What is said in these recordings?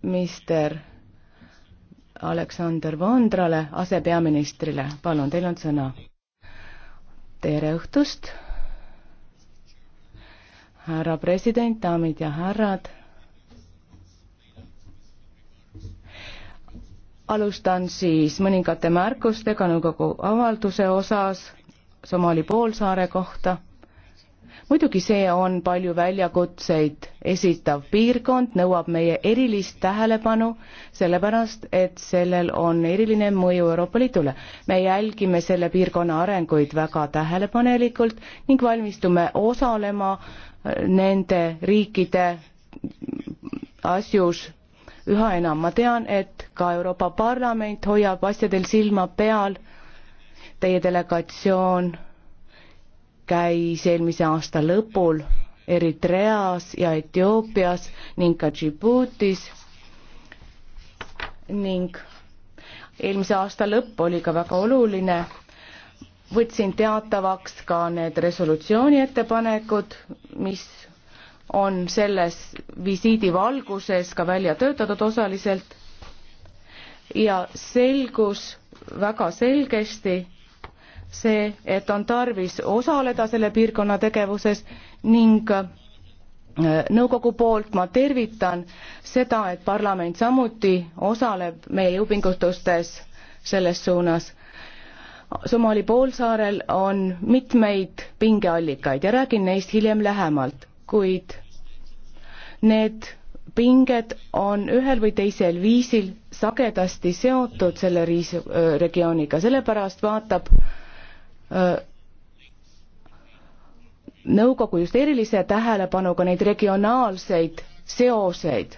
peaminister Aleksander Vondrale, asepeaministrile, palun, teil on sõna. tere õhtust, härra president, daamid ja härrad. alustan siis mõningate märkustega nõukogu avalduse osas Somaali poolsaare kohta muidugi see on palju väljakutseid esitav piirkond, nõuab meie erilist tähelepanu, sellepärast et sellel on eriline mõju Euroopa Liidule. me jälgime selle piirkonna arenguid väga tähelepanelikult ning valmistume osalema äh, nende riikide asjus üha enam. ma tean, et ka Euroopa Parlament hoiab asjadel silma peal, teie delegatsioon käis eelmise aasta lõpul Eritreas ja Etioopias ning ka Djiboutis ning eelmise aasta lõpp oli ka väga oluline. võtsin teatavaks ka need resolutsiooni ettepanekud, mis on selles visiidi valguses ka välja töötatud osaliselt ja selgus väga selgesti, see, et on tarvis osaleda selle piirkonna tegevuses ning äh, nõukogu poolt ma tervitan seda, et parlament samuti osaleb meie jõupingutustes selles suunas. Somaali poolsaarel on mitmeid pingeallikaid ja räägin neist hiljem lähemalt, kuid need pinged on ühel või teisel viisil sagedasti seotud selle riis-, regiooniga, sellepärast vaatab äh, Äh, nõukogu just erilise tähelepanuga neid regionaalseid seoseid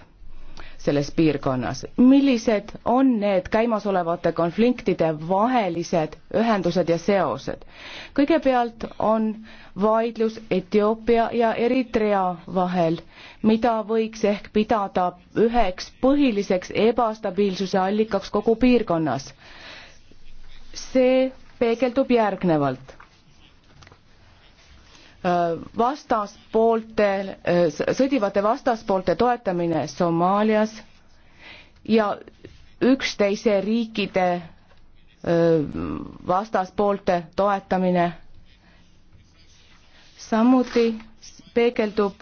selles piirkonnas. millised on need käimasolevate konfliktide vahelised ühendused ja seosed? kõigepealt on vaidlus Etioopia ja Eritrea vahel, mida võiks ehk pidada üheks põhiliseks ebastabiilsuse allikaks kogu piirkonnas. see peegeldub järgnevalt. Äh, vastaspoolte, äh, sõdivate vastaspoolte toetamine Somaalias ja üksteise riikide äh, vastaspoolte toetamine. samuti peegeldub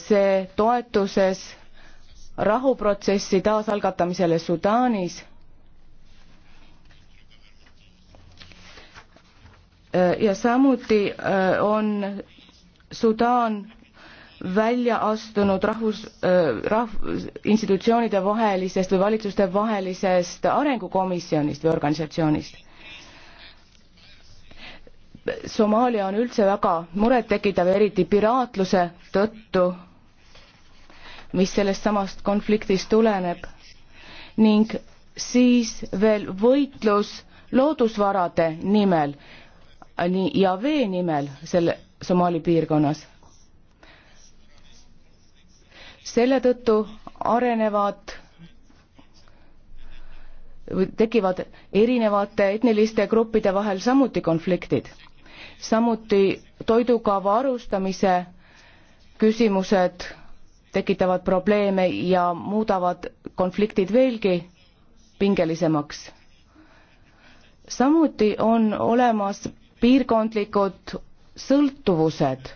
see toetuses rahuprotsessi taasalgatamisele Sudaanis Äh, ja samuti äh, on Sudaan välja astunud rahvus, äh, rahv-, institutsioonide vahelisest või valitsuste vahelisest arengukomisjonist või organisatsioonist. Somaalia on üldse väga murettekitav, eriti piraatluse tõttu, mis sellest samast konfliktist tuleneb ning siis veel võitlus loodusvarade nimel nii Javee nimel selle Somaali piirkonnas. selle tõttu arenevad tekivad erinevate etniliste gruppide vahel samuti konfliktid. samuti toiduga varustamise küsimused tekitavad probleeme ja muudavad konfliktid veelgi pingelisemaks. samuti on olemas piirkondlikud sõltuvused.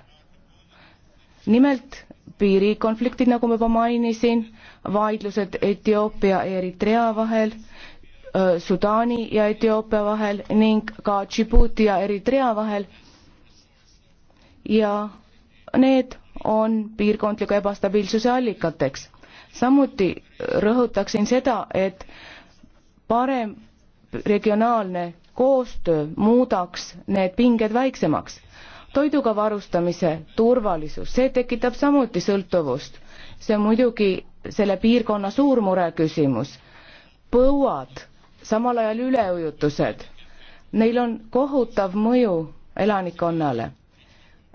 nimelt piirikonfliktid, nagu ma juba mainisin, vaidlused Etioopia ja Eritrea vahel, Sudaani ja Etioopia vahel ning ka Djibouti ja Eritrea vahel ja need on piirkondliku ebastabiilsuse allikateks. samuti rõhutaksin seda, et parem regionaalne koostöö muudaks need pinged väiksemaks. toiduga varustamise turvalisus, see tekitab samuti sõltuvust. see on muidugi selle piirkonna suur mureküsimus. põuad, samal ajal üleujutused, neil on kohutav mõju elanikkonnale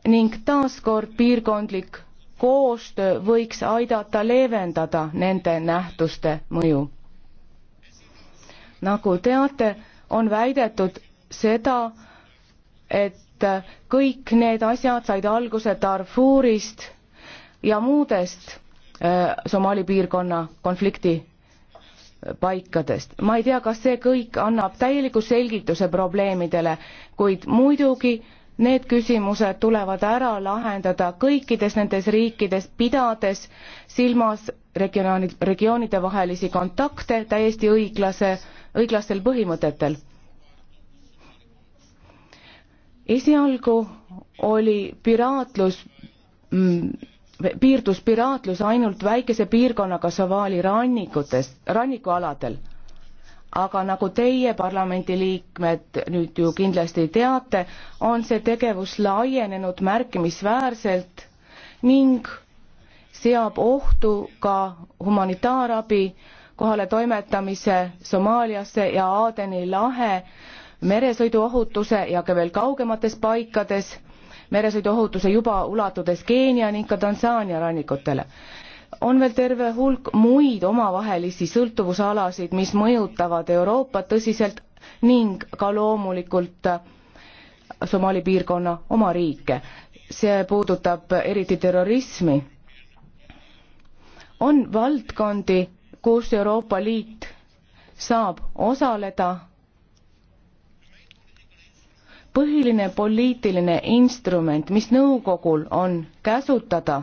ning taaskord piirkondlik koostöö võiks aidata leevendada nende nähtuste mõju. nagu teate, on väidetud seda, et kõik need asjad said alguse Darfurist ja muudest äh, Somaali piirkonna konflikti äh, paikadest. ma ei tea, kas see kõik annab täieliku selgituse probleemidele, kuid muidugi need küsimused tulevad ära lahendada kõikides nendes riikides, pidades silmas regioonid, regioonide vahelisi kontakte täiesti õiglase õiglastel põhimõtetel. esialgu oli piraatlus mm, piirdus piraatlus ainult väikese piirkonnaga Savali rannikutest, rannikualadel. aga nagu teie parlamendiliikmed nüüd ju kindlasti teate, on see tegevus laienenud märkimisväärselt ning seab ohtu ka humanitaarabi kohale toimetamise Somaaliasse ja Aadeni lahe meresõiduohutuse ja ka veel kaugemates paikades meresõiduohutuse juba ulatudes Keenia ning ka Tansaania rannikutele. on veel terve hulk muid omavahelisi sõltuvusalasid, mis mõjutavad Euroopat tõsiselt ning ka loomulikult Somaali piirkonna oma riike. see puudutab eriti terrorismi. on valdkondi, kus Euroopa Liit saab osaleda. põhiline poliitiline instrument, mis nõukogul on käsutada,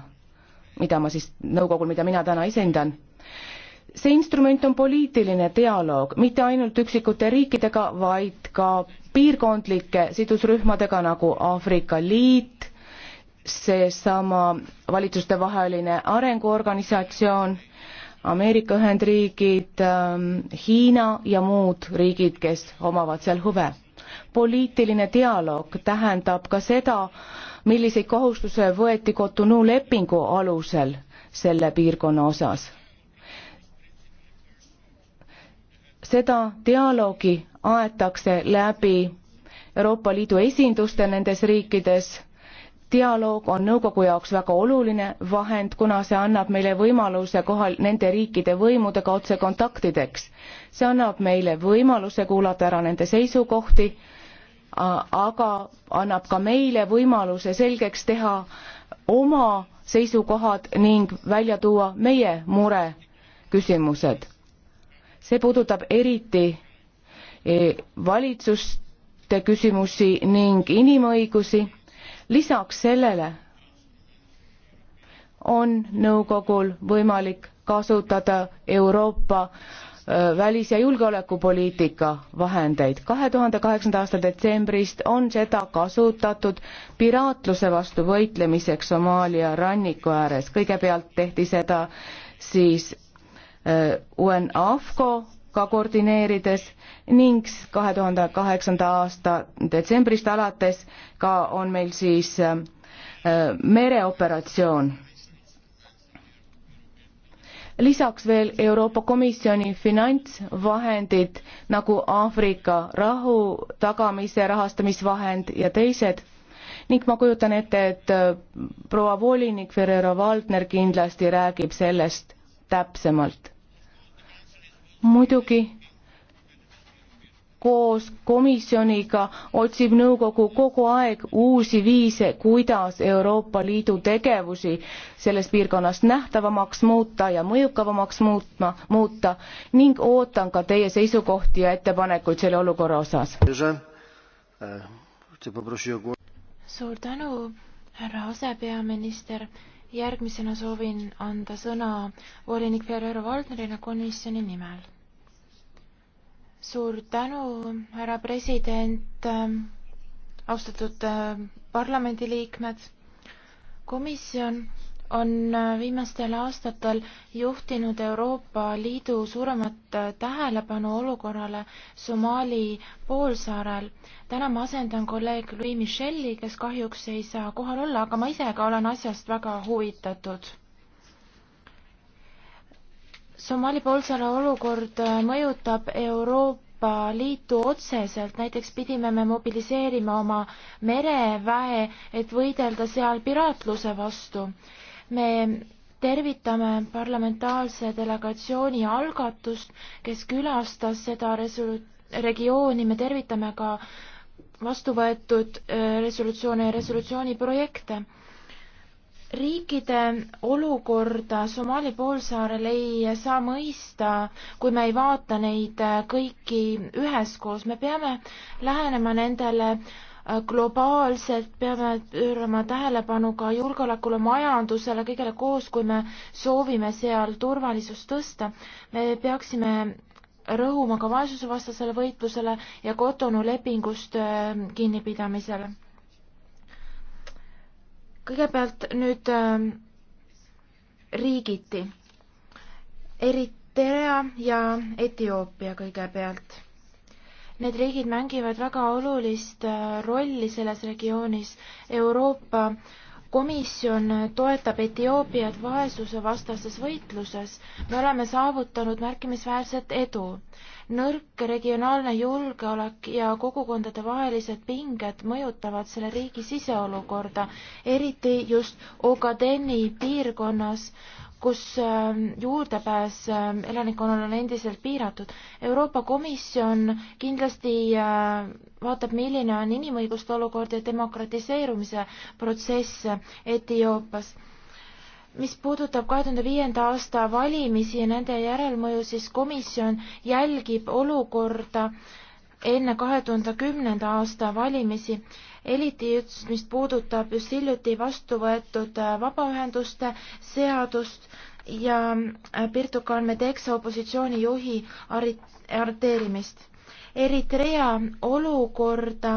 mida ma siis, nõukogul, mida mina täna esindan, see instrument on poliitiline dialoog, mitte ainult üksikute riikidega, vaid ka piirkondlike sidusrühmadega nagu Aafrika Liit, seesama valitsustevaheline arenguorganisatsioon Ameerika Ühendriigid, ähm, Hiina ja muud riigid, kes omavad seal huve. poliitiline dialoog tähendab ka seda, milliseid kohustusi võeti Cotonou lepingu alusel selle piirkonna osas. seda dialoogi aetakse läbi Euroopa Liidu esinduste nendes riikides dialoog on nõukogu jaoks väga oluline vahend, kuna see annab meile võimaluse kohal nende riikide võimudega otsekontaktideks. see annab meile võimaluse kuulata ära nende seisukohti, aga annab ka meile võimaluse selgeks teha oma seisukohad ning välja tuua meie mure küsimused. see puudutab eriti e, valitsuste küsimusi ning inimõigusi lisaks sellele on nõukogul võimalik kasutada Euroopa välis- ja julgeolekupoliitika vahendeid. kahe tuhande kaheksanda aasta detsembrist on seda kasutatud piraatluse vastu võitlemiseks Somaalia ranniku ääres. kõigepealt tehti seda siis UNAFCO ka koordineerides ning kahe tuhande kaheksanda aasta detsembrist alates ka on meil siis äh, mereoperatsioon. lisaks veel Euroopa Komisjoni finantsvahendid nagu Aafrika rahu tagamise rahastamisvahend ja teised ning ma kujutan ette, et äh, proua volinik Ferrero Valdner kindlasti räägib sellest täpsemalt muidugi koos komisjoniga otsib nõukogu kogu aeg uusi viise, kuidas Euroopa Liidu tegevusi selles piirkonnas nähtavamaks muuta ja mõjukavamaks muutma, muuta ning ootan ka teie seisukohti ja ettepanekuid selle olukorra osas. suur tänu, härra asepeaminister järgmisena soovin anda sõna volinik Ferrero Valdnerile komisjoni nimel. suur tänu, härra president, ähm, austatud äh, parlamendiliikmed. komisjon on äh, viimastel aastatel juhtinud Euroopa Liidu suuremat äh, tähelepanu olukorrale Somaali poolsaarel. täna ma asendan kolleeg Louis Michel'i, kes kahjuks ei saa kohal olla, aga ma ise ka olen asjast väga huvitatud. Somaali poolsaare olukord äh, mõjutab Euroopa Euroopa Liitu otseselt, näiteks pidime me mobiliseerima oma mereväe, et võidelda seal piraatluse vastu me tervitame parlamentaarse delegatsiooni algatust, kes külastas seda resolu-, regiooni, me tervitame ka vastu võetud äh, resolutsioone ja resolutsiooni projekte. riikide olukorda Somaali poolsaarel ei saa mõista, kui me ei vaata neid äh, kõiki üheskoos, me peame lähenema nendele äh, Äh, globaalselt peame pöörama tähelepanu ka julgeolekule, majandusele, kõigele koos, kui me soovime seal turvalisust tõsta. me peaksime rõhuma ka vaesusevastasele võitlusele ja Kotonu lepingust äh, kinnipidamisele. kõigepealt nüüd äh, riigiti. Eritrea ja Etioopia kõigepealt Need riigid mängivad väga olulist äh, rolli selles regioonis. Euroopa Komisjon toetab Etioopiat vaesusevastases võitluses. me oleme saavutanud märkimisväärset edu. nõrk regionaalne julgeolek ja kogukondade vahelised pinged mõjutavad selle riigi siseolukorda, eriti just Ogadeni piirkonnas kus ähm, juurdepääs ähm, elanikkonnal on endiselt piiratud. Euroopa Komisjon kindlasti äh, vaatab, milline on inimõiguste olukord ja demokratiseerumise protsess Etioopias. mis puudutab kahe tuhande viienda aasta valimisi ja nende järelmõju, siis komisjon jälgib olukorda enne kahe tuhande kümnenda aasta valimisi eriti just, mis puudutab just hiljuti vastu võetud äh, vabaühenduste seadust ja äh, Pirtu Kalme Teksa opositsioonijuhi arreteerimist. Eritrea olukorda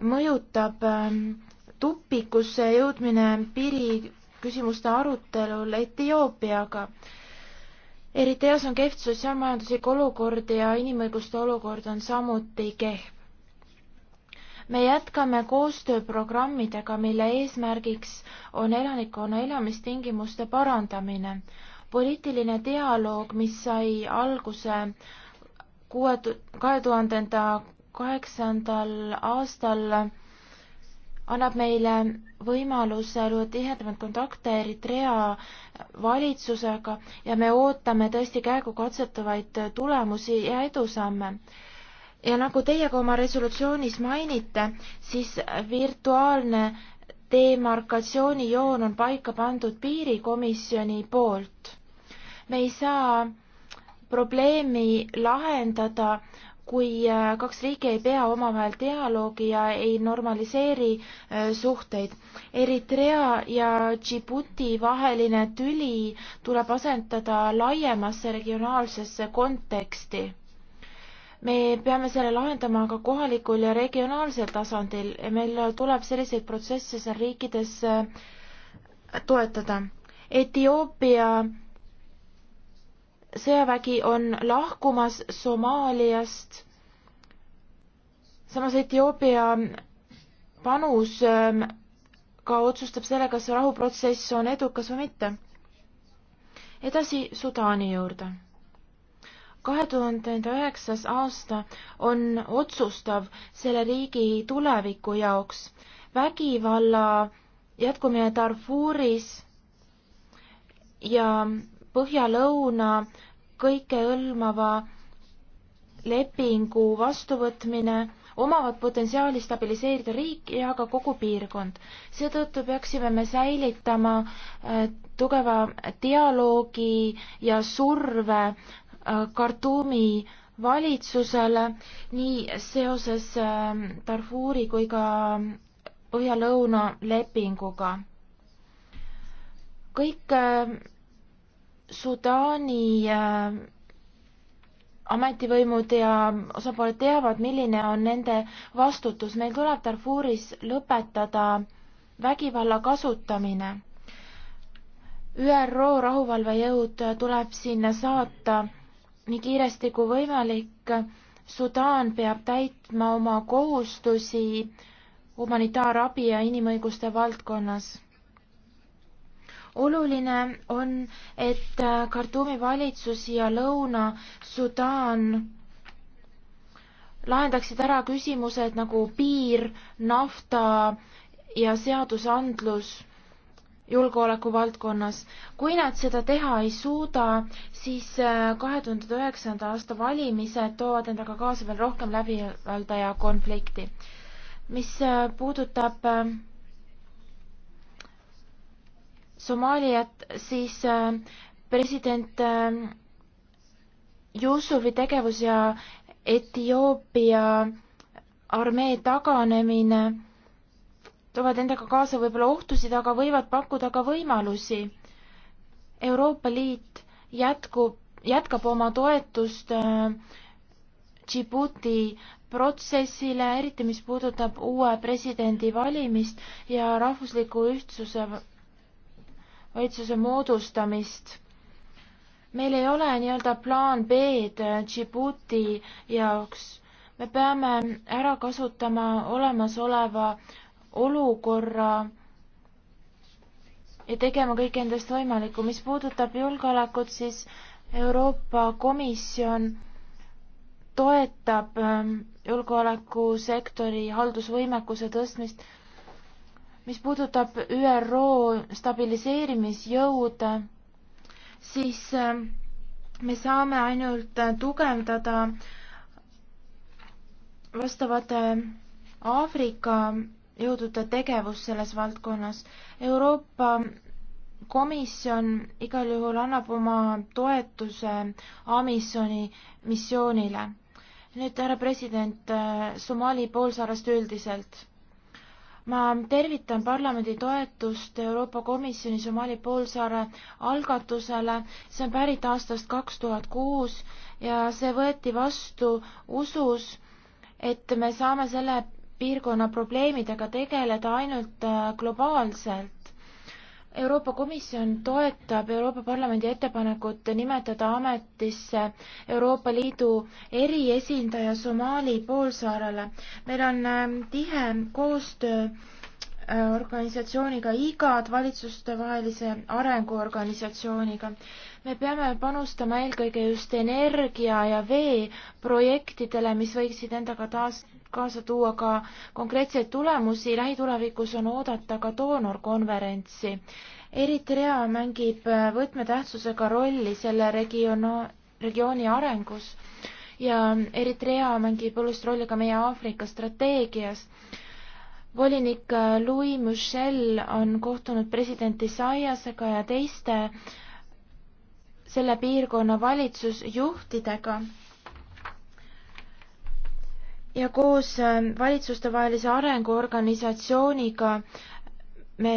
mõjutab ähm, tupikusse jõudmine piiriküsimuste arutelul Etioopiaga Eritreas on kehv sotsiaalmajanduslik olukord ja inimõiguste olukord on samuti kehv me jätkame koostööprogrammidega, mille eesmärgiks on elanikkonna elamistingimuste parandamine. poliitiline dialoog, mis sai alguse kuue, kahe tuhandenda kaheksandal aastal annab meile võimaluse luua tihedamaid kontakte Eritrea valitsusega ja me ootame tõesti käegukatsetavaid tulemusi ja edusamme ja nagu teie ka oma resolutsioonis mainite, siis virtuaalne demarkatsioonijoon on paika pandud piirikomisjoni poolt. me ei saa probleemi lahendada, kui äh, kaks riiki ei pea omavahel dialoogi ja ei normaliseeri äh, suhteid. Eritrea ja Djibouti vaheline tüli tuleb asendada laiemasse regionaalsesse konteksti me peame selle lahendama ka kohalikul ja regionaalsel tasandil ja meil tuleb selliseid protsesse seal riikides äh, toetada. Etioopia sõjavägi on lahkumas Somaaliast, samas Etioopia panus ähm, ka otsustab selle, kas rahuprotsess on edukas või mitte. edasi Sudaani juurde kahe tuhande üheksas aasta on otsustav selle riigi tuleviku jaoks. vägivalla jätkumine Darfuris ja põhja-lõuna kõikehõlmava lepingu vastuvõtmine omavad potentsiaali stabiliseerida riiki ja ka kogu piirkond. seetõttu peaksime me säilitama äh, tugeva dialoogi ja surve Khartoumi valitsusele nii seoses ähm, Darfuri kui ka ähm, Põhja-Lõuna lepinguga. kõik ähm, Sudaani ametivõimud ja osapooled teavad, milline on nende vastutus. meil tuleb Darfuris lõpetada vägivalla kasutamine. ÜRO rahuvalvejõud tuleb sinna saata nii kiiresti kui võimalik. Sudaan peab täitma oma kohustusi humanitaarabi ja inimõiguste valdkonnas. oluline on, et Khartoumi valitsus ja Lõuna-Sudaan lahendaksid ära küsimused nagu piir, nafta ja seadusandlus julgeoleku valdkonnas. kui nad seda teha ei suuda, siis äh, kahe tuhande üheksanda aasta valimised toovad endaga kaasa veel rohkem läbivalda ja konflikti. mis äh, puudutab äh, Somaaliat, siis president Jussufi tegevus ja Etioopia armee taganemine toovad endaga kaasa võib-olla ohtusid, aga võivad pakkuda ka võimalusi. Euroopa Liit jätkub, jätkab oma toetust äh, Djibouti äh, protsessile, eriti mis puudutab uue presidendi valimist ja rahvusliku ühtsuse, valitsuse moodustamist. meil ei ole nii-öelda plaan B-d äh, Djibouti jaoks. me peame ära kasutama olemasoleva olukorra ja tegema kõik endast võimalikku. mis puudutab julgeolekut, siis Euroopa Komisjon toetab ähm, julgeolekusektori haldusvõimekuse tõstmist. mis puudutab ÜRO stabiliseerimisjõude, siis ähm, me saame ainult tugevdada vastavate Aafrika jõudude tegevus selles valdkonnas. Euroopa Komisjon igal juhul annab oma toetuse Amisoni missioonile. nüüd härra president, äh, Somaali poolsaarest üldiselt. ma tervitan parlamendi toetust Euroopa Komisjoni Somaali poolsaare algatusele, see on pärit aastast kaks tuhat kuus ja see võeti vastu usus, et me saame selle piirkonna probleemidega tegeleda ainult äh, globaalselt. Euroopa Komisjon toetab Euroopa Parlamendi ettepanekut nimetada ametisse Euroopa Liidu eriesindaja Somaali poolsaarele. meil on ähm, tihe koostöö äh, organisatsiooniga IGAD, valitsustevahelise arenguorganisatsiooniga me peame panustama eelkõige just energia ja vee projektidele, mis võiksid endaga taas kaasa tuua ka konkreetseid tulemusi. lähitulevikus on oodata ka doonorkonverentsi. Eritrea mängib võtmetähtsusega rolli selle regioona, regiooni arengus ja Eritrea mängib olulist rolli ka meie Aafrika strateegias volinik Louis Michel on kohtunud president Isaiasega ja teiste selle piirkonna valitsusjuhtidega. ja koos ähm, valitsustevahelise arenguorganisatsiooniga me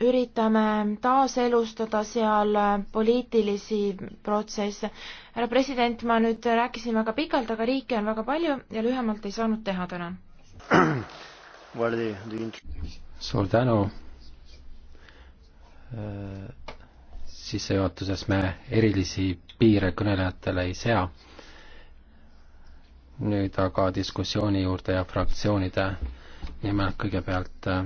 üritame taaselustada seal äh, poliitilisi protsesse. härra president, ma nüüd rääkisin väga pikalt, aga riike on väga palju ja lühemalt ei saanud teha täna. suur tänu äh, sissejuhatuses me erilisi piire kõnelejatele ei sea. nüüd aga diskussiooni juurde ja fraktsioonide nimel kõigepealt äh,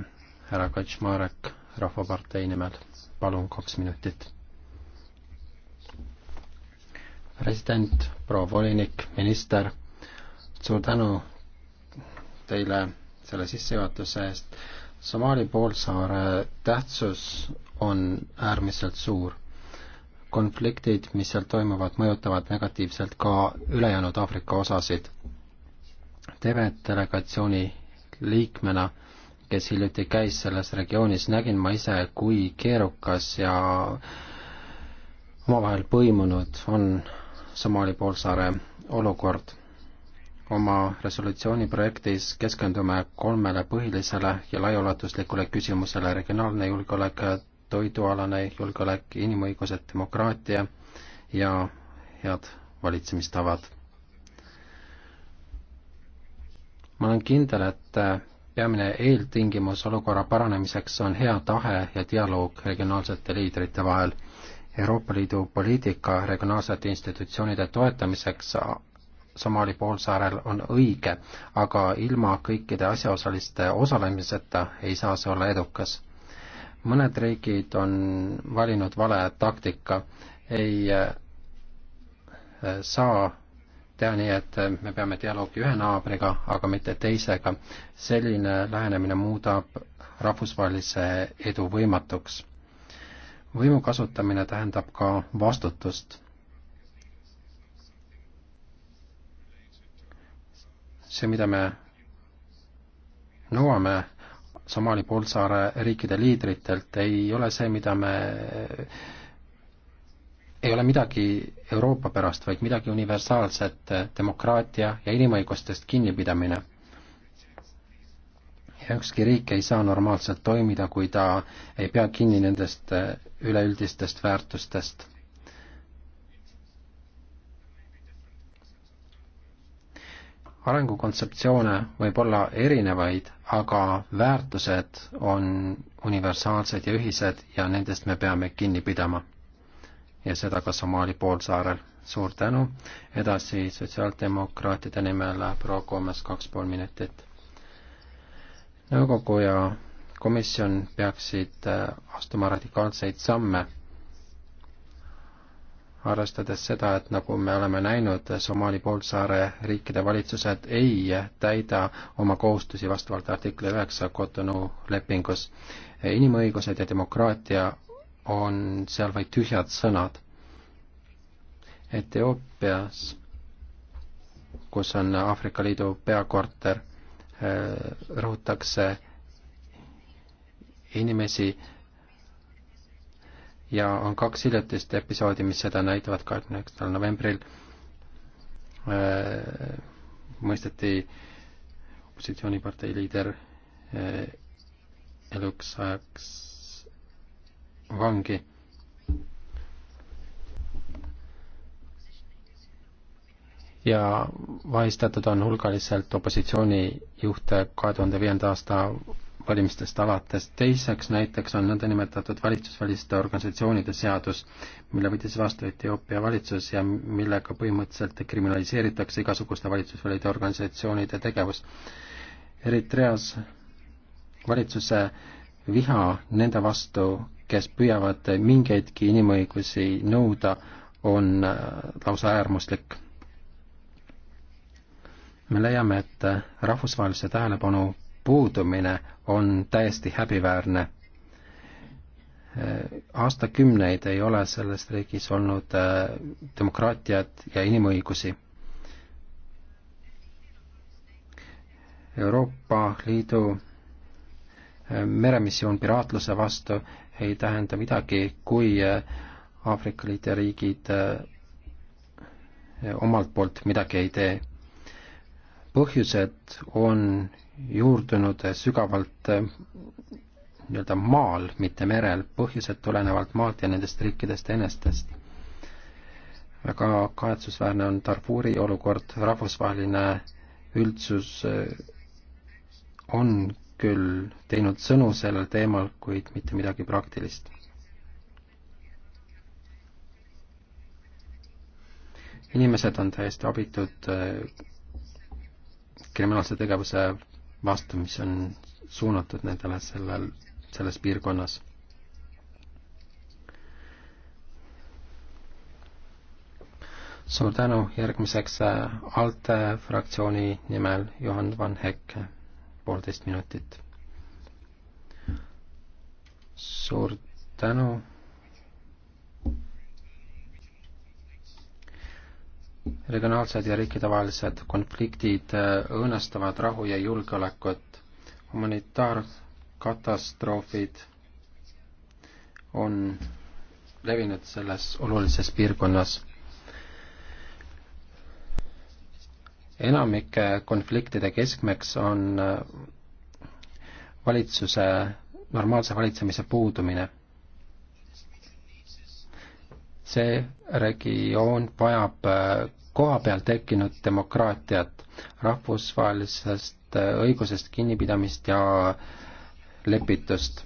härra Kaczmarek Rahvapartei nimel, palun kaks minutit. president, proua volinik, minister, suur tänu teile selle sissejuhatuse eest. Somaali poolsaare tähtsus on äärmiselt suur konfliktid, mis seal toimuvad, mõjutavad negatiivselt ka ülejäänud Aafrika osasid. Tevet delegatsiooni liikmena, kes hiljuti käis selles regioonis, nägin ma ise, kui keerukas ja omavahel põimunud on Somaali poolsaare olukord. oma resolutsiooni projektis keskendume kolmele põhilisele ja laiaulatuslikule küsimusele, regionaalne julgeolek, toidualane julgeolek, inimõigused, demokraatia ja head valitsemistavad. ma olen kindel, et peamine eeltingimus olukorra paranemiseks on hea tahe ja dialoog regionaalsete liidrite vahel. Euroopa Liidu poliitika regionaalsete institutsioonide toetamiseks Somaali poolsaarel on õige, aga ilma kõikide asjaosaliste osalemiseta ei saa see olla edukas mõned riigid on valinud vale taktika, ei eh, saa teha nii, et me peame dialoogi ühe naabriga, aga mitte teisega. selline lähenemine muudab rahvusvahelise edu võimatuks. võimu kasutamine tähendab ka vastutust. see, mida me nõuame Somaali poolsaare riikide liidritelt ei ole see, mida me, ei ole midagi Euroopa pärast, vaid midagi universaalset, demokraatia ja inimõigustest kinnipidamine. ja ükski riik ei saa normaalselt toimida, kui ta ei pea kinni nendest üleüldistest väärtustest arengukontseptsioone võib olla erinevaid, aga väärtused on universaalsed ja ühised ja nendest me peame kinni pidama. ja seda ka Somaali poolsaarel. suur tänu, edasi sotsiaaldemokraatide nimel proua Koomes kaks pool minutit. nõukogu ja komisjon peaksid astuma radikaalseid samme arvestades seda, et nagu me oleme näinud, Somaali poolsaare riikide valitsused ei täida oma kohustusi vastavalt artikli üheksa Cotonou lepingus. inimõigused ja demokraatia on seal vaid tühjad sõnad. Etioopias, kus on Aafrika Liidu peakorter, eh, rõhutakse inimesi ja on kaks hiljutist episoodi, mis seda näitavad, kahekümne üheksandal novembril äh, mõisteti opositsioonipartei liider äh, eluks ajaks vangi. ja vahistatud on hulgaliselt opositsioonijuhte kahe tuhande viienda aasta valimistest alates. teiseks näiteks on nõndanimetatud valitsusväliste organisatsioonide seadus, mille võttis vastu Etioopia valitsus ja millega põhimõtteliselt kriminaliseeritakse igasuguste valitsusväliste organisatsioonide tegevus. Eritreas valitsuse viha nende vastu, kes püüavad mingeidki inimõigusi nõuda, on äh, lausa äärmuslik. me leiame, et rahvusvahelise tähelepanu puudumine on täiesti häbiväärne. aastakümneid ei ole selles riigis olnud äh, demokraatiat ja inimõigusi. Euroopa Liidu äh, meremissioon piraatluse vastu ei tähenda midagi, kui äh, Aafrika Liidu riigid omalt poolt midagi ei tee. põhjused on juurdunud sügavalt eh, nii-öelda maal, mitte merel, põhjused tulenevalt maalt ja nendest riikidest enestest. väga kahetsusväärne on Darfuri olukord, rahvusvaheline üldsus eh, on küll teinud sõnu sellel teemal, kuid mitte midagi praktilist. inimesed on täiesti abitud eh, kriminaalse tegevuse vastu, mis on suunatud nendele sellel, selles piirkonnas. suur tänu, järgmiseks äh, ALTE fraktsiooni nimel Johan Van Hekke, poolteist minutit. suur tänu regionaalsed ja riikidevahelised konfliktid äh, õõnestavad rahu ja julgeolekut. humanitaarkatastroofid on levinud selles olulises piirkonnas. enamike konfliktide keskmeks on äh, valitsuse, normaalse valitsemise puudumine see regioon vajab äh, kohapeal tekkinud demokraatiat, rahvusvahelisest äh, õigusest kinnipidamist ja lepitust.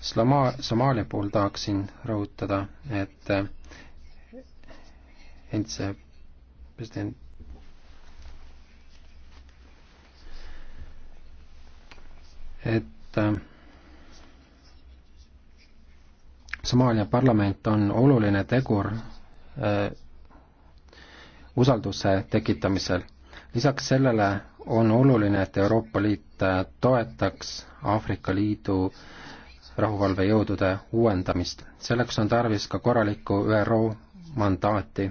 Slama-, Somaalia puhul tahaksin rõhutada, et äh, endise president et äh, Somaalia parlament on oluline tegur usalduse tekitamisel. lisaks sellele on oluline, et Euroopa Liit äh, toetaks Aafrika Liidu rahuvalvejõudude uuendamist. selleks on tarvis ka korralikku ÜRO mandaati,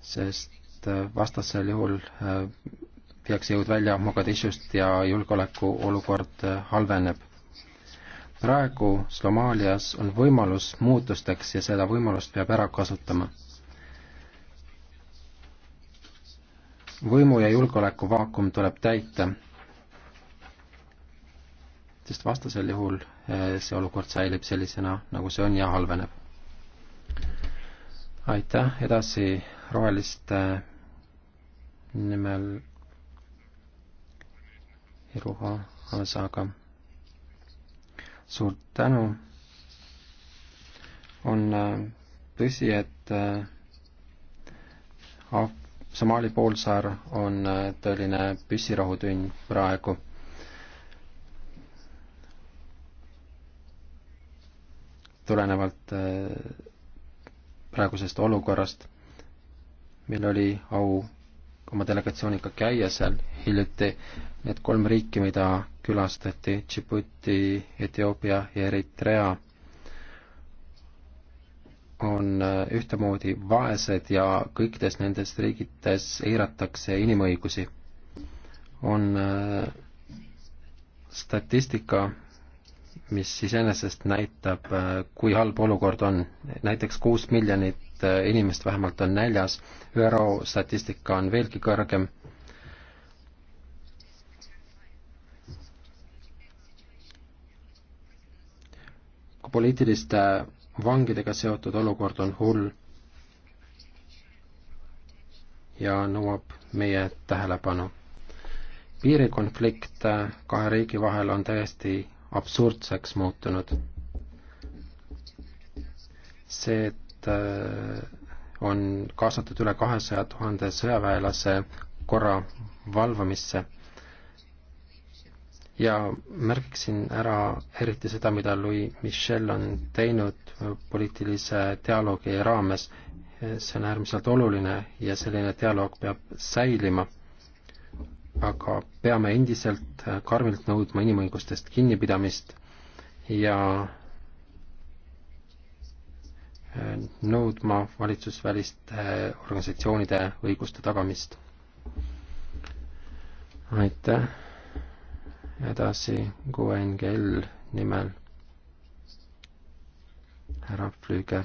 sest äh, vastasel juhul äh, viiakse jõud välja Mogadishust ja julgeolekuolukord halveneb. praegu Somaalias on võimalus muutusteks ja seda võimalust peab ära kasutama võimu ja julgeoleku vaakum tuleb täita, sest vastasel juhul eh, see olukord säilib sellisena, nagu see on ja halveneb. aitäh, edasi roheliste eh, nimel Iruha Asaga. suur tänu, on eh, tõsi, et Af-, Somaali poolsaar on äh, tõeline püssirohutünn praegu. tulenevalt äh, praegusest olukorrast, meil oli au oma delegatsiooniga käia seal hiljuti, need kolm riiki, mida külastati, Djibouti, Etioopia ja Eritrea on äh, ühtemoodi vaesed ja kõikides nendes riigites eiratakse inimõigusi. on äh, statistika, mis iseenesest näitab, äh, kui halb olukord on. näiteks kuus miljonit inimest vähemalt on näljas, ÜRO statistika on veelgi kõrgem. poliitiliste vangidega seotud olukord on hull ja nõuab meie tähelepanu. piirikonflikt kahe riigi vahel on täiesti absurdseks muutunud. see, et äh, on kaasatud üle kahesaja tuhande sõjaväelase korra valvamisse ja märgiksin ära eriti seda, mida Louis Michel on teinud poliitilise dialoogi raames. see on äärmiselt oluline ja selline dialoog peab säilima. aga peame endiselt karmilt nõudma inimõigustest kinnipidamist ja nõudma valitsusväliste organisatsioonide õiguste tagamist. aitäh edasi QNGL nimel härra Flüüger,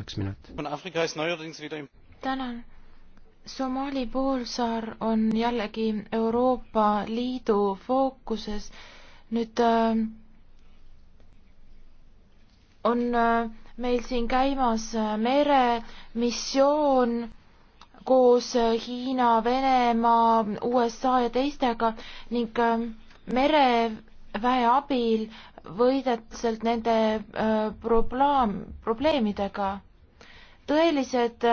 üks minut. tänan. Somaali poolsaar on jällegi Euroopa Liidu fookuses. nüüd äh, on äh, meil siin käimas äh, meremissioon koos äh, Hiina, Venemaa, USA ja teistega ning äh, mereväe abil võidetselt nende äh, probleem, probleemidega. tõelised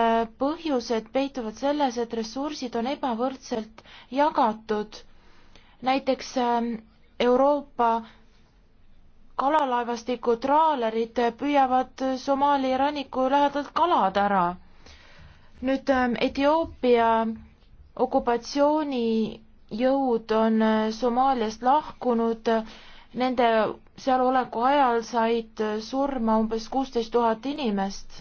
põhjused peituvad selles, et ressursid on ebavõrdselt jagatud. näiteks ähm, Euroopa kalalaevastiku traalerid püüavad Somaalia ranniku lähedalt kalad ära nüüd ähm, Etioopia okupatsioonijõud on äh, Somaaliast lahkunud, nende sealoleku ajal said äh, surma umbes kuusteist tuhat inimest.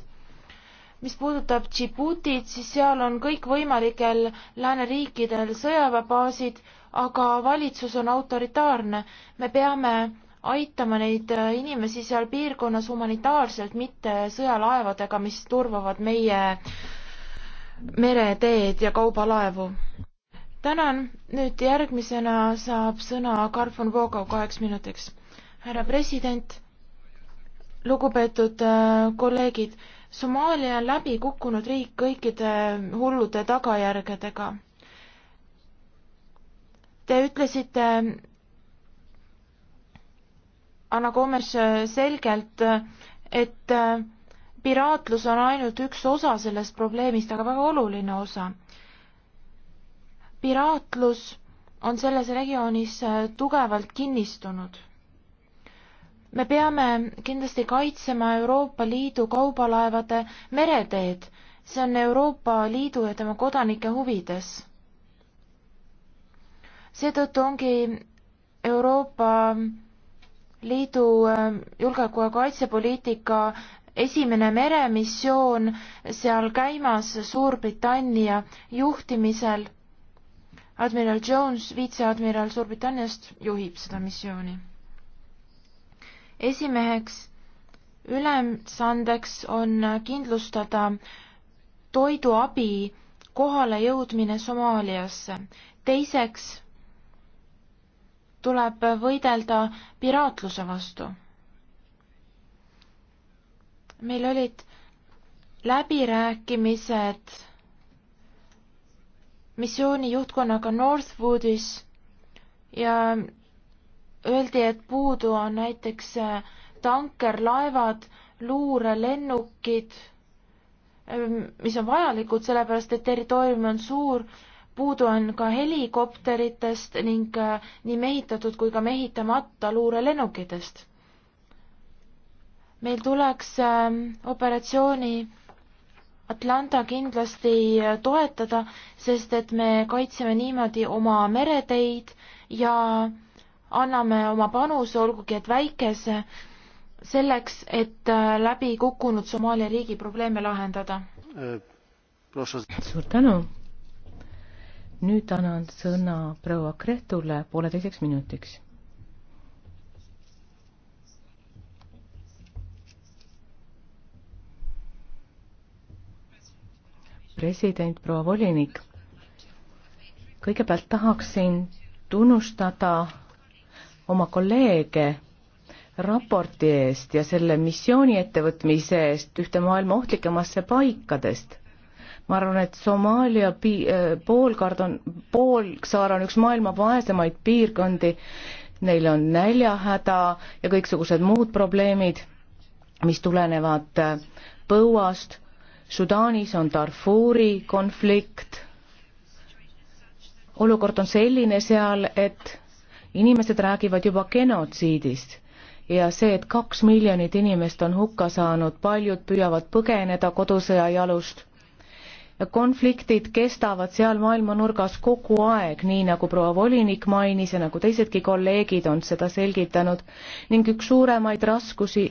mis puudutab Djiboutit, siis seal on kõikvõimalikel lääneriikidel sõjaväebaasid, aga valitsus on autoritaarne. me peame aitama neid äh, inimesi seal piirkonnas humanitaarselt, mitte sõjalaevadega, mis turvavad meie mereteed ja kaubalaevu. tänan, nüüd järgmisena saab sõna Carl von Vogel kaheks minutiks. härra president, lugupeetud äh, kolleegid, Somaalia on läbi kukkunud riik kõikide hullude tagajärgedega. Te ütlesite Anna Gomes äh, selgelt, äh, et äh, piraatlus on ainult üks osa sellest probleemist, aga väga oluline osa. piraatlus on selles regioonis äh, tugevalt kinnistunud. me peame kindlasti kaitsema Euroopa Liidu kaubalaevade mereteed, see on Euroopa Liidu ja tema kodanike huvides. seetõttu ongi Euroopa Liidu äh, julgeoleku- ja kaitsepoliitika esimene meremissioon seal käimas Suurbritannia juhtimisel. admiral Jones, viitseadmiral Suurbritanniast, juhib seda missiooni. esimeheks ülesandeks on kindlustada toiduabi kohalejõudmine Somaaliasse. teiseks tuleb võidelda piraatluse vastu meil olid läbirääkimised missiooni juhtkonnaga Northwoodis ja öeldi, et puudu on näiteks äh, tankerlaevad, luurelennukid, ähm, mis on vajalikud, sellepärast et territoorium on suur, puudu on ka helikopteritest ning äh, nii mehitatud kui ka mehitamata luurelennukitest meil tuleks ähm, operatsiooni Atlanta kindlasti äh, toetada, sest et me kaitseme niimoodi oma mereteid ja anname oma panuse, olgugi et väikese, selleks, et äh, läbi kukkunud Somaalia riigi probleeme lahendada. suur tänu. nüüd annan sõna proua Gretule pooleteiseks minutiks president, proua volinik. kõigepealt tahaksin tunnustada oma kolleege raporti eest ja selle missiooni ettevõtmise eest ühte maailma ohtlikemasse paikadest. ma arvan, et Somaalia pi-, äh, poolkard on, poolsaar on üks maailma vaesemaid piirkondi, neil on näljahäda ja kõiksugused muud probleemid, mis tulenevad äh, põuast Sudaanis on Darfuri konflikt. olukord on selline seal, et inimesed räägivad juba genotsiidist ja see, et kaks miljonit inimest on hukka saanud, paljud püüavad põgeneda kodusõja jalust. ja konfliktid kestavad seal maailma nurgas kogu aeg, nii nagu proua volinik mainis ja nagu teisedki kolleegid on seda selgitanud ning üks suuremaid raskusi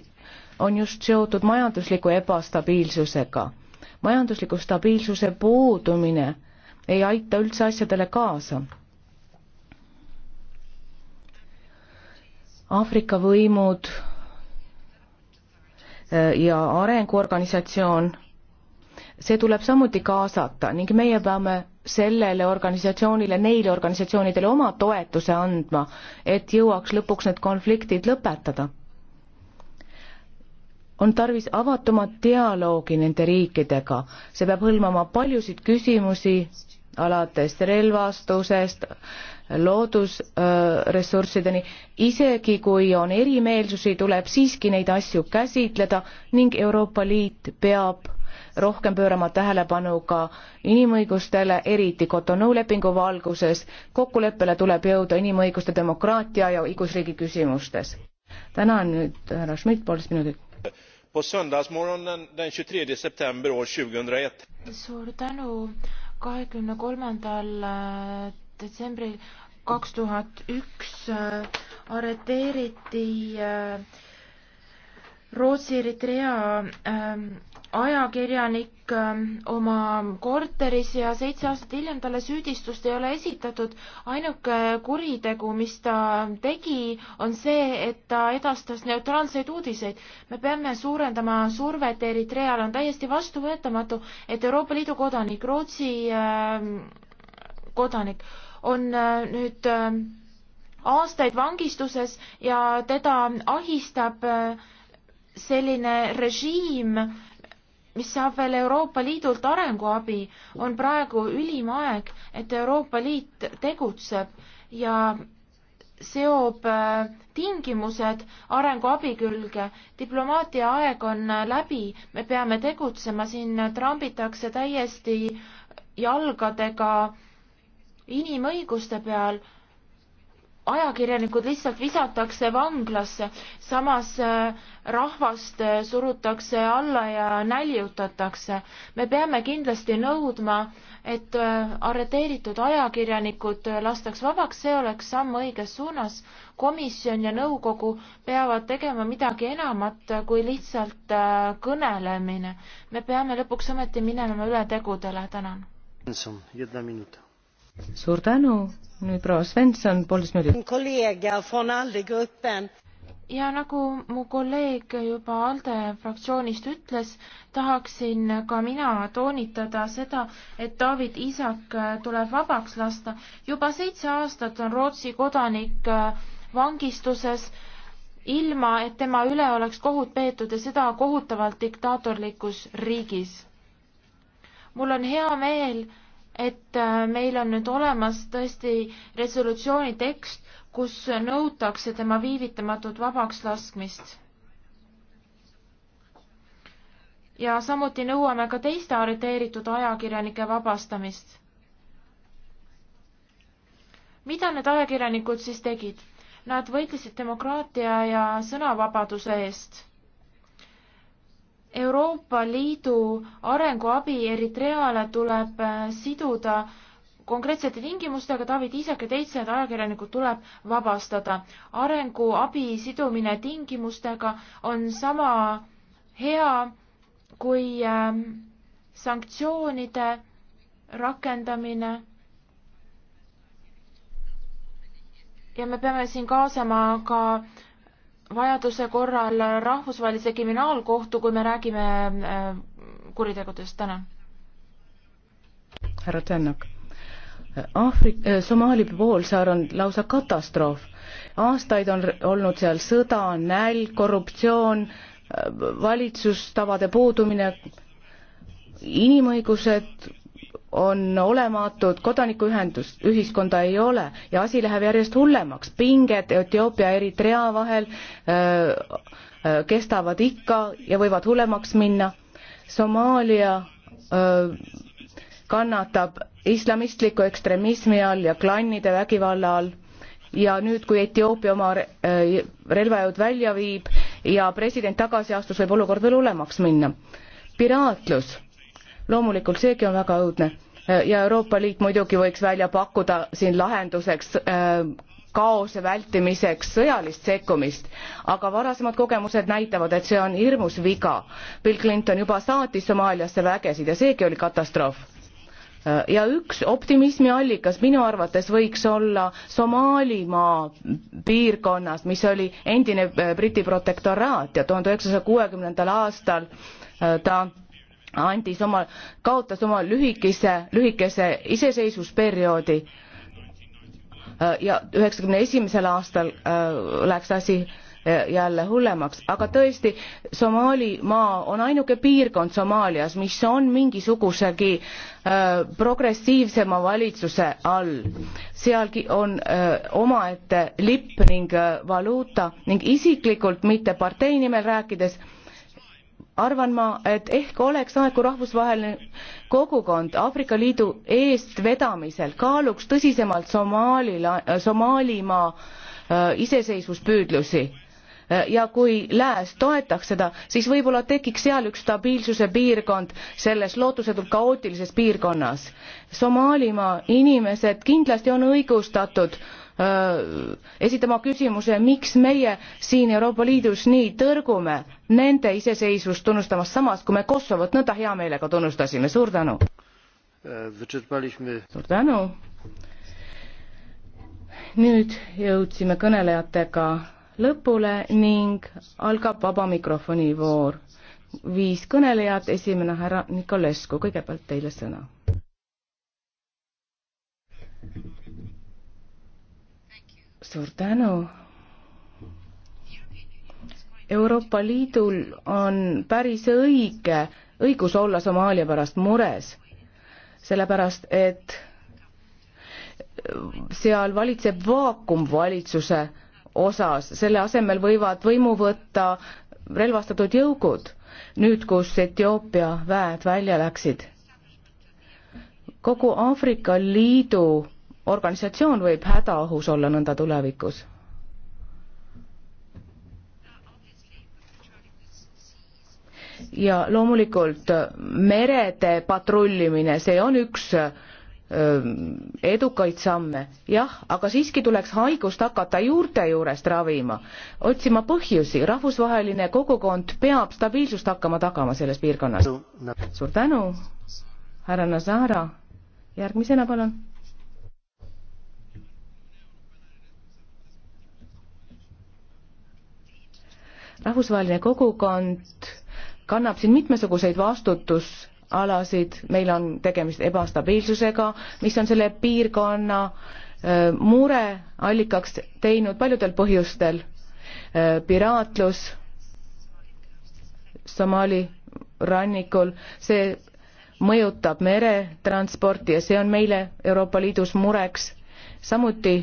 on just seotud majandusliku ebastabiilsusega majandusliku stabiilsuse puudumine ei aita üldse asjadele kaasa. Aafrika võimud äh, ja arenguorganisatsioon, see tuleb samuti kaasata ning meie peame sellele organisatsioonile, neile organisatsioonidele oma toetuse andma, et jõuaks lõpuks need konfliktid lõpetada on tarvis avatumat dialoogi nende riikidega, see peab hõlmama paljusid küsimusi, alates relvastusest, loodusressurssideni, isegi kui on erimeelsusi, tuleb siiski neid asju käsitleda ning Euroopa Liit peab rohkem pöörama tähelepanu ka inimõigustele, eriti Cotonou lepingu valguses. kokkuleppele tuleb jõuda inimõiguste, demokraatia ja õigusriigi küsimustes. tänan nüüd härra Schmidt, poolteist minutit på söndagsmorgonen den 23 september år 2001. suur tänu, kahekümne kolmandal eh, detsembril kaks tuhat üks eh, arreteeriti eh, Rootsi Eritrea ähm, ajakirjanik ähm, oma korteris ja seitse aastat hiljem talle süüdistust ei ole esitatud. ainuke kuritegu, mis ta tegi, on see, et ta edastas neutraalseid uudiseid. me peame suurendama survet Eritreale, on täiesti vastuvõetamatu, et Euroopa Liidu kodanik, Rootsi ähm, kodanik on äh, nüüd äh, aastaid vangistuses ja teda ahistab äh, selline režiim, mis saab veel Euroopa Liidult arenguabi, on praegu ülim aeg, et Euroopa Liit tegutseb ja seob äh, tingimused arenguabi külge. diplomaatia aeg on äh, läbi, me peame tegutsema, siin trambitakse täiesti jalgadega inimõiguste peal ajakirjanikud lihtsalt visatakse vanglasse, samas äh, rahvast äh, surutakse alla ja näljutatakse. me peame kindlasti nõudma, et äh, arreteeritud ajakirjanikud lastaks vabaks, see oleks samm õiges suunas. komisjon ja nõukogu peavad tegema midagi enamat kui lihtsalt kõnelemine. me peame lõpuks ometi minema üle tegudele, tänan. jedna minuta suur tänu, nüüd proua Svensson, poolteist minutit. ja nagu mu kolleeg juba ALDE fraktsioonist ütles, tahaksin ka mina toonitada seda, et David Isak tuleb vabaks lasta. juba seitse aastat on Rootsi kodanik äh, vangistuses ilma, et tema üle oleks kohut peetud ja seda kohutavalt diktaatorlikus riigis. mul on hea meel, et äh, meil on nüüd olemas tõesti resolutsiooni tekst, kus nõutakse tema viivitamatut vabaks laskmist. ja samuti nõuame ka teiste arreteeritud ajakirjanike vabastamist. mida need ajakirjanikud siis tegid? Nad võitlesid demokraatia ja sõnavabaduse eest Euroopa Liidu arenguabi Eritreale tuleb äh, siduda konkreetsete tingimustega, David Iisak ja teised ajakirjanikud tuleb vabastada. arenguabi sidumine tingimustega on sama hea kui ähm, sanktsioonide rakendamine. ja me peame siin kaasama ka äh, vajaduse korral rahvusvahelise kriminaalkohtu, kui me räägime äh, kuritegudest täna? härra Tänak. Aafrik-, äh, Somaali poolsaar on lausa katastroof. aastaid on olnud seal sõda, nälg, korruptsioon, äh, valitsustavade puudumine, inimõigused on olematud, kodanikuühendust, ühiskonda ei ole ja asi läheb järjest hullemaks, pinged Etioopia ja Eritrea vahel öö, öö, kestavad ikka ja võivad hullemaks minna. Somaalia öö, kannatab islamistliku ekstremismi all ja klannide vägivalla all ja nüüd, kui Etioopia oma relvajõud välja viib ja president tagasi astus, võib olukord veel hullemaks minna. piraatlus loomulikult seegi on väga õudne äh, ja Euroopa Liit muidugi võiks välja pakkuda siin lahenduseks äh, kaose vältimiseks sõjalist sekkumist aga varasemad kogemused näitavad et see on hirmus viga bill clinton juba saatis somaaliasse vägesid ja seegi oli katastroof äh, ja üks optimismi allikas minu arvates võiks olla somaalimaa piirkonnas mis oli endine briti protektoraat ja tuhande üheksasaja kuuekümnendal aastal ta andis oma, kaotas oma lühikese, lühikese iseseisvusperioodi. Äh, ja üheksakümne esimesel aastal äh, läks asi äh, jälle hullemaks, aga tõesti, Somaalimaa on ainuke piirkond Somaalias, mis on mingisugusegi progressiivsema valitsuse all. sealgi on omaette lipp ning valuuta ning isiklikult, mitte partei nimel rääkides arvan ma, et ehk oleks aeg, kui rahvusvaheline kogukond Aafrika Liidu eestvedamisel kaaluks tõsisemalt Somaalila, Somaalimaa äh, iseseisvuspüüdlusi äh, ja kui Lääs toetaks seda, siis võib-olla tekiks seal üks stabiilsuse piirkond selles lootusetult kaootilises piirkonnas. Somaalimaa inimesed kindlasti on õigustatud äh, Äh, esitama küsimuse miks meie siin euroopa liidus nii tõrgume nende iseseisvust tunnustamast samas kui me kosovot nõnda hea meelega tunnustasime suur tänu suur tänu nüüd jõudsime kõnelejatega lõpule ning algab vaba mikrofoni voor viis kõnelejat esimene härra Nikolescu kõigepealt teile sõna suur tänu. Euroopa Liidul on päris õige õigus olla Somaalia pärast mures, sellepärast et seal valitseb vaakum valitsuse osas, selle asemel võivad võimu võtta relvastatud jõugud, nüüd kus Etioopia väed välja läksid. kogu Aafrika Liidu organisatsioon võib hädaohus olla nõnda tulevikus. ja loomulikult merede patrullimine, see on üks ähm, edukaid samme, jah, aga siiski tuleks haigust hakata juurte juurest ravima, otsima põhjusi, rahvusvaheline kogukond peab stabiilsust hakkama tagama selles piirkonnas. suur tänu, härra Nazara, järgmisena palun rahvusvaheline kogukond kannab siin mitmesuguseid vastutusalasid, meil on tegemist ebastabiilsusega, mis on selle piirkonna äh, mure allikaks teinud paljudel põhjustel, äh, piraatlus Somaali rannikul, see mõjutab meretransporti ja see on meile Euroopa Liidus mureks. samuti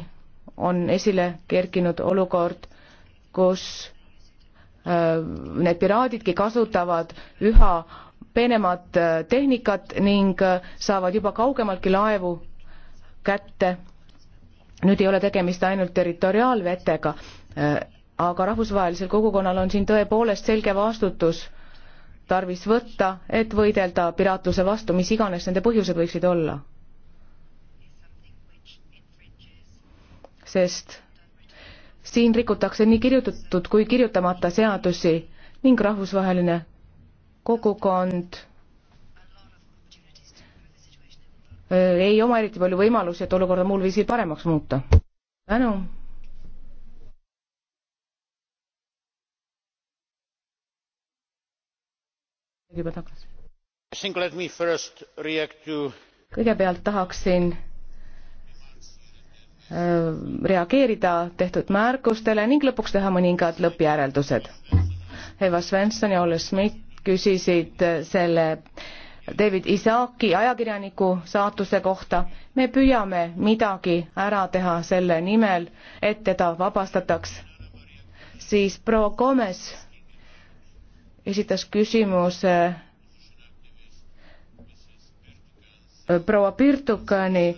on esile kerkinud olukord, kus Äh, need piraadidki kasutavad üha peenemat äh, tehnikat ning äh, saavad juba kaugemaltki laevu kätte. nüüd ei ole tegemist ainult territoriaalvetega, aga rahvusvahelisel kogukonnal on siin tõepoolest selge vastutus tarvis võtta, et võidelda piraatluse vastu, mis iganes nende põhjused võiksid olla. sest siin rikutakse nii kirjutatud kui kirjutamata seadusi ning rahvusvaheline kogukond äh, ei oma eriti palju võimalusi, et olukorda muul viisil paremaks muuta. tänu. kõigepealt tahaksin Äh, reageerida tehtud märkustele ning lõpuks teha mõningad lõppjäreldused. Eva Svensson ja Olle Schmidt küsisid äh, selle David Isaaki ajakirjaniku saatuse kohta. me püüame midagi ära teha selle nimel, et teda vabastataks. siis proua Gomes esitas küsimuse äh, proua Pirtukani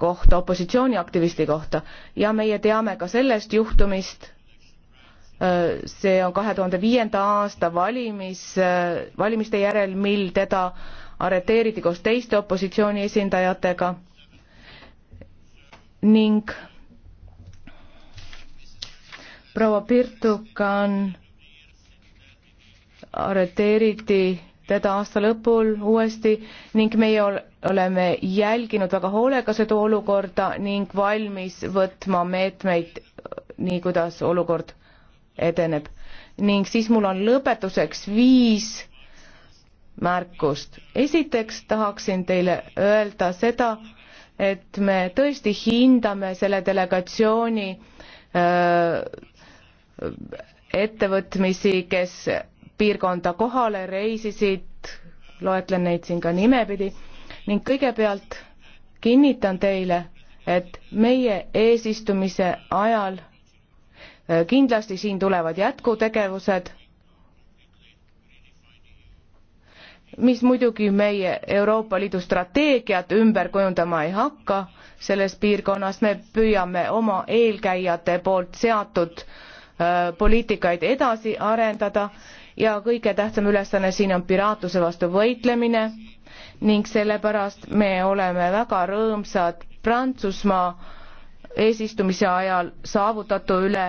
kohta, opositsiooniaktivisti kohta ja meie teame ka sellest juhtumist, äh, see on kahe tuhande viienda aasta valimis, äh, valimiste järel, mil teda arreteeriti koos teiste opositsiooni esindajatega ning proua Pirtukan arreteeriti teda aasta lõpul uuesti ning meie oleme jälginud väga hoolega seda olukorda ning valmis võtma meetmeid äh, nii, kuidas olukord edeneb. ning siis mul on lõpetuseks viis märkust. esiteks tahaksin teile öelda seda, et me tõesti hindame selle delegatsiooni öö, äh, ettevõtmisi, kes piirkonda kohale, reisisid, loetlen neid siin ka nimepidi, ning kõigepealt kinnitan teile, et meie eesistumise ajal äh, kindlasti siin tulevad jätkutegevused, mis muidugi meie Euroopa Liidu strateegiat ümber kujundama ei hakka, selles piirkonnas me püüame oma eelkäijate poolt seatud äh, poliitikaid edasi arendada ja kõige tähtsam ülesanne siin on piraatluse vastu võitlemine ning sellepärast me oleme väga rõõmsad Prantsusmaa eesistumise ajal saavutatu üle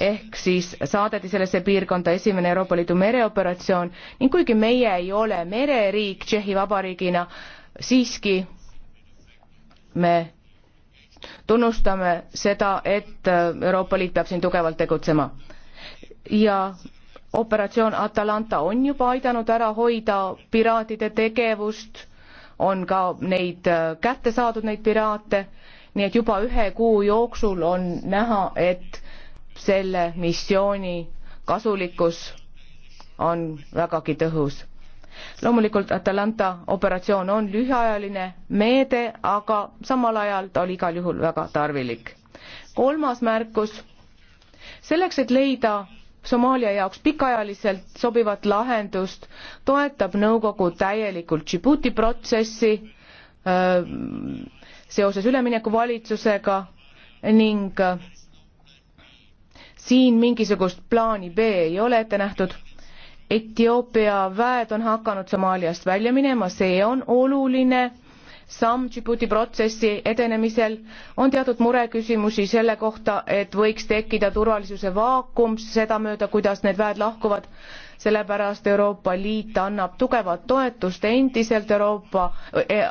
ehk siis saadeti sellesse piirkonda esimene Euroopa Liidu mereoperatsioon ning kuigi meie ei ole mereriik Tšehhi Vabariigina, siiski me tunnustame seda, et Euroopa Liit peab siin tugevalt tegutsema. ja operatsioon Atalanta on juba aidanud ära hoida piraatide tegevust, on ka neid äh, kätte saadud, neid piraate, nii et juba ühe kuu jooksul on näha, et selle missiooni kasulikkus on vägagi tõhus. loomulikult Atalanta operatsioon on lühiajaline meede, aga samal ajal ta oli igal juhul väga tarvilik. kolmas märkus, selleks, et leida Somaalia jaoks pikaajaliselt sobivat lahendust, toetab nõukogu täielikult Djibouti protsessi seoses üleminekuvalitsusega ning siin mingisugust plaani B ei ole ette nähtud. Etioopia väed on hakanud Somaaliast välja minema, see on oluline samm Djibouti protsessi edenemisel, on teatud mureküsimusi selle kohta, et võiks tekkida turvalisuse vaakum sedamööda, kuidas need väed lahkuvad. sellepärast Euroopa Liit annab tugevat toetust endiselt Euroopa äh,,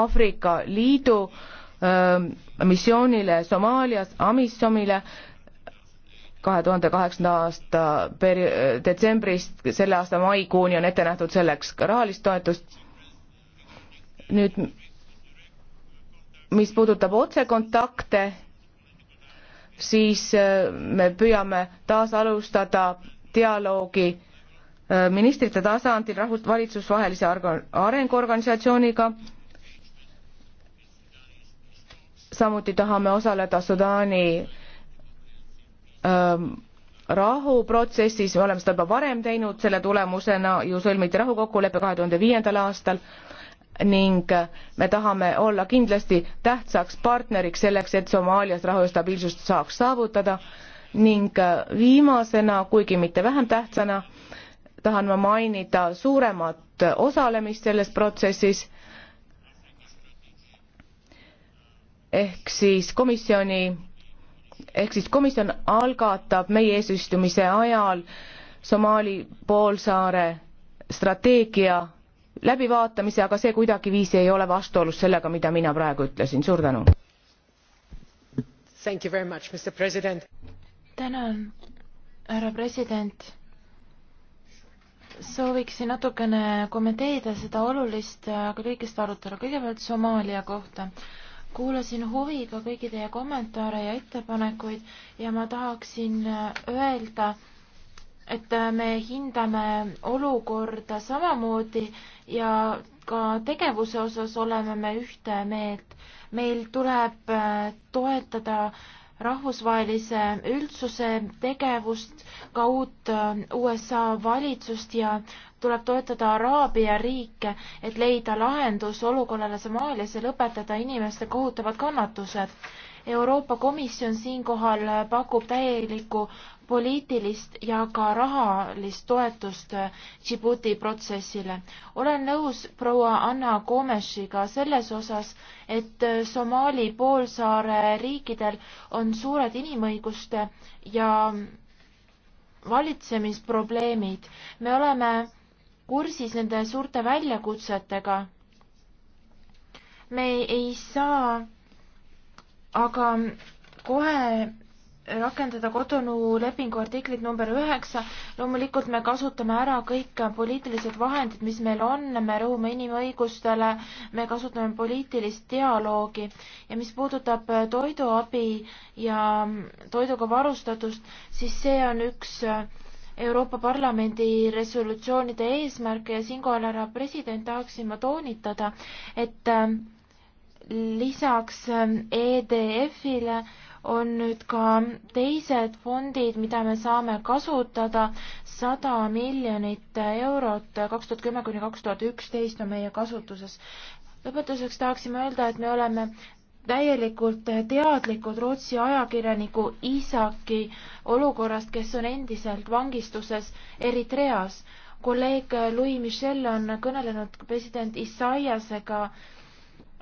Aafrika Liidu äh, missioonile Somaalias, Amissomile kahe tuhande kaheksanda aasta peri-, detsembrist selle aasta maikuuni on ette nähtud selleks ka rahalist toetust nüüd, mis puudutab otsekontakte, siis äh, me püüame taas alustada dialoogi äh, ministrite tasandil rahvus-, valitsusvahelise arenguorganisatsiooniga. samuti tahame osaleda Sudaani ähm, rahuprotsessis, me oleme seda juba varem teinud, selle tulemusena ju sõlmiti rahukokkulepe kahe tuhande viiendal aastal ning me tahame olla kindlasti tähtsaks partneriks selleks, et Somaalias rahu ja stabiilsust saaks saavutada ning äh, viimasena, kuigi mitte vähem tähtsana, tahan ma mainida suuremat osalemist selles protsessis ehk siis komisjoni, ehk siis komisjon algatab meie eesistumise ajal Somaali poolsaare strateegia läbivaatamise, aga see kuidagiviisi ei ole vastuolus sellega, mida mina praegu ütlesin. suur tänu. tänan, härra president. sooviksin natukene kommenteerida seda olulist, aga lühikest arutelu. kõigepealt Somaalia kohta kuulasin huviga kõigi teie kommentaare ja ettepanekuid ja ma tahaksin öelda, et me hindame olukorda samamoodi ja ka tegevuse osas oleme me ühte meelt. meil tuleb äh, toetada rahvusvahelise üldsuse tegevust, ka uut äh, USA valitsust ja tuleb toetada Araabia riike, et leida lahendus olukorrale Somaalias ja lõpetada inimeste kohutavad kannatused Euroopa Komisjon siinkohal äh, pakub täielikku poliitilist ja ka rahalist toetust Djibouti protsessile. olen nõus proua Anna Komešiga selles osas, et Somaali poolsaare riikidel on suured inimõiguste ja valitsemisprobleemid. me oleme kursis nende suurte väljakutsetega. me ei saa aga kohe rakendada Kotonu lepingu artiklit number üheksa. loomulikult me kasutame ära kõik poliitilised vahendid, mis meil on, me rõhume inimõigustele, me kasutame poliitilist dialoogi ja mis puudutab toiduabi ja toiduga varustatust, siis see on üks Euroopa Parlamendi resolutsioonide eesmärke ja siinkohal, härra president, tahaksin ma toonitada, et lisaks EDF-ile äh, on nüüd ka teised fondid, mida me saame kasutada. sada miljonit eurot kaks tuhat kümme kuni kaks tuhat üksteist on meie kasutuses. lõpetuseks tahaksime öelda, et me oleme täielikult teadlikud Rootsi ajakirjaniku Isaki olukorrast, kes on endiselt vangistuses Eritreas. kolleeg Louis Michel on kõnelenud president Isaiasega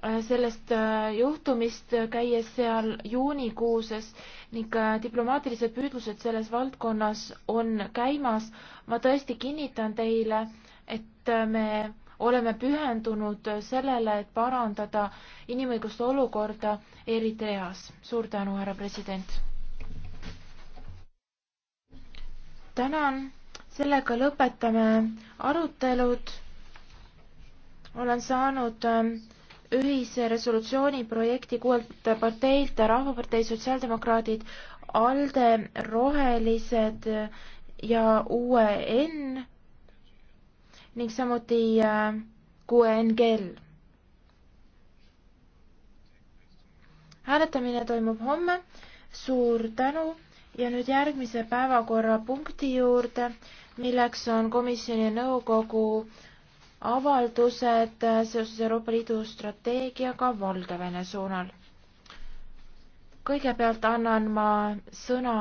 Äh, sellest äh, juhtumist, käies seal juunikuuses ning äh, diplomaatilised püüdlused selles valdkonnas on käimas. ma tõesti kinnitan teile, et me oleme pühendunud sellele, et parandada inimõiguste olukorda Eritreas. suur tänu, härra president. tänan, sellega lõpetame arutelud. olen saanud äh, ühise resolutsiooni projekti kuuelt parteilt, Rahvapartei, Sotsiaaldemokraadid, ALDE, Rohelised ja UN e ning samuti äh, QNGL. E hääletamine toimub homme, suur tänu ja nüüd järgmise päevakorrapunkti juurde, milleks on komisjoni nõukogu avaldused seoses Euroopa Liidu strateegiaga Valgevene suunal. kõigepealt annan ma sõna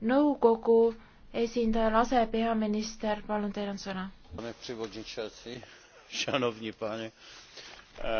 nõukogu esindajale, asepeaminister, palun, teil on sõna.